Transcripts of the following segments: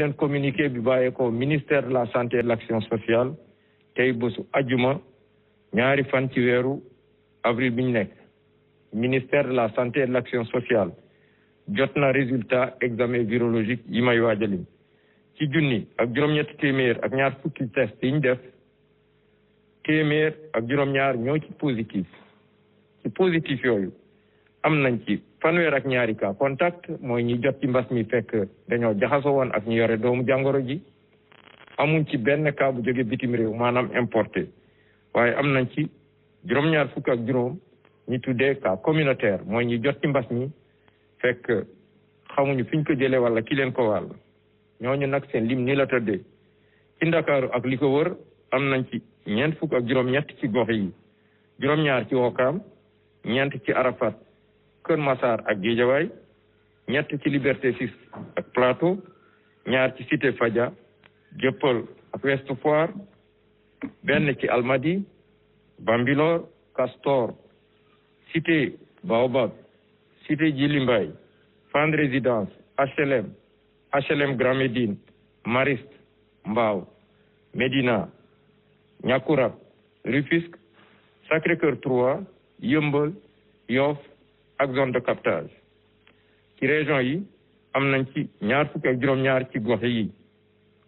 leen communiqué bi bàyyeekoo ko ministère de la santé et de l' action sociale tey bésu ajuma ñaari fan ci weeru avril bi ñu nekk ministère de la santé et de l' sociale jot na résultat examen virologique yi may waajalim ci junni ak juróom-ñetti téeméer ak ñaar fukki test yi ñu def téeméer ak juróom-ñaar ñoo ci positif ci positif yooyu am nañ ci fanweer ak ñaari ka contact mooy ñi jot ci mbas mi fekk dañoo jaxasoo woon ak ñu yore doomu jàngoro ji amuñ ci benn cas bu jóge bitim réew maanaam importé waaye am nañ ci juróom-ñaar fukk ak juróom ñi tuddee cas communautaire mooy ñi jot ci mi fekk xamuñu fiñ ko jëlee wala ki leen ko ñooñu nag seen lim ni la tëddee ci li ko wër am nañ ci ñeent fukk ak juróom-ñett gox yi juróom-ñaar ci Wokam ñeent ci Arafat Kër Massar ak Guédiawaye ñett ci Liberté 6 ak Plateau ñaar ci Cité Fadia Dieuppeul ak Ouest Foire benn ci Almadies Bambilor Castor Cité Baobab Cité Djilimbaye Fann Résidence HLM Grand Médine Mariste Mbao Médina Niakourab Rufisque Sacré-Cœur 3 Yeumbeul Yoff ak zone de captage ci région yi am nañ ci ñaar fukki ak juróom-ñaar ci gox yi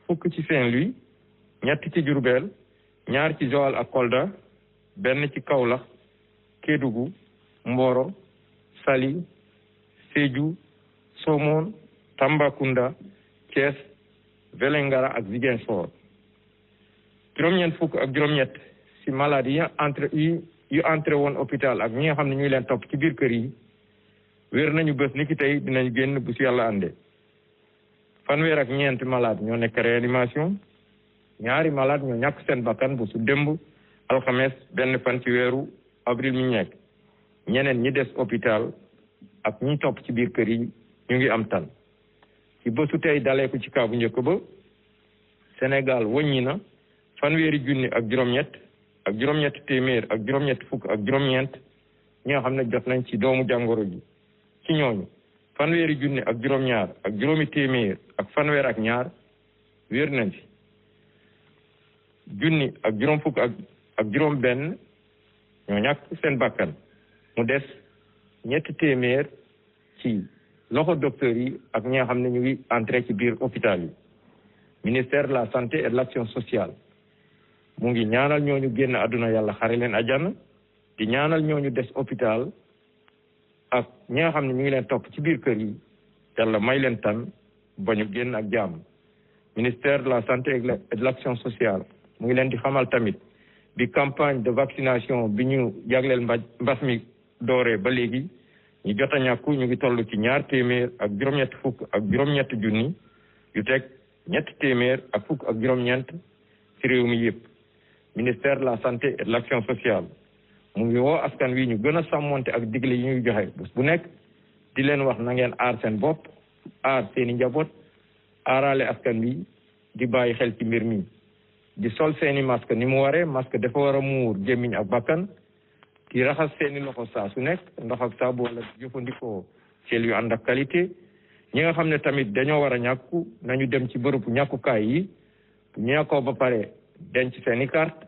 fukk ci Saint-Louis ñett ci Diourbel ñaar ci Joal ak Kolda benn ci Kaolack Kédougou Mboro Saly Sédhiou Somone Tambacounda Thiès Vélingara ak Ziguinchor juróom-ñeent fukk ak juróom-ñett ci maladies yi entre yi yu entré woon hôpital ak ñi nga xam ne ñu ngi leen topp ci biir kër yi wér nañu bés ni ki tey dinañ génn bu si yàlla ànde fanweer ak ñeenti malaat ñoo nekk réanimation ñaari malaat ñoo ñàkk seen bakkan bu su démb alxames benn fan ci weeru avril mi ñekk ñeneen ñi des hôpital ak ñi topp ci biir kër yi ñu ngi am tan ci bésu tey daleeku ci kaabu njëkk ba Sénégal wëññi na fanweeri junni ak juróom-ñett ak juróom-ñetti téeméer ak juróom-ñetti fukk ak juróom-ñeent ñi xam ne jot nañ ci doomu jàngoro ji ci ñooñu fanweeri junne ak juróom-ñaar ak juróomi téeméer ak fanweer ak ñaar wér nañ ci junni ak juróom fukk ak ak juróom benn ñoo ñàkk seen bakkan mu des ñetti téeméer ci loxo docteurs yi ak ñi xam ne ñu ngi entré ci biir hôpital yi ministère de la santé et de l'action sociale mu ngi ñaanal ñu génn àdduna yàlla xare leen àjjana di ñaanal ñu des hôpital ak ñi nga xam ne ñu ngi leen topp ci biir kër yi yàlla may leen tan ba ñu génn ak jàmm ministère de la santé et de l'action sociale mu ngi leen di xamal tamit bi campagne de vaccination bi ñu jagleel mba mbas mi dooree ba léegi ñu jot a ñàkku ñu ngi toll ci ñaar téeméer ak juróom-ñett fukk ak juróom-ñett junni yu teg ñett téeméer ak fukk ak juróom-ñeent ci réew mi yëpp ministère la santé et l'action sociale mu ngi woo askan wi ñu gën a sàmmonte ak digle yi ñuy joxe bu nekk di leen wax nangeen ngeen aar seen bopp aar seeni njaboot aarale askan wi di bàyyi xel ci mbir mi di sol seeni masque ni mu waree masque dafa war a muur gémmiñ ak bakkan di raxas seeni loxo saa su nekk ndox ak saabu wala jëfandikoo sel yu ànd ak qualité ñi nga xam ne tamit dañoo war a ñàkku nañu dem ci bërëbu ñàkkukaay yi bu ñàkkoo ba pare denc seen i carte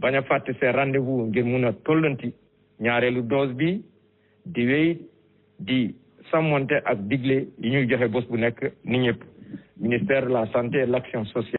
bañ a fàtte seen rendez-vous ngir mun a tollanti ñaareelu dose bi di wéy di sàmmonte ak digle yi ñuy joxe bés bu nekk ni ñëpp ministère de la santé et de l'action sociale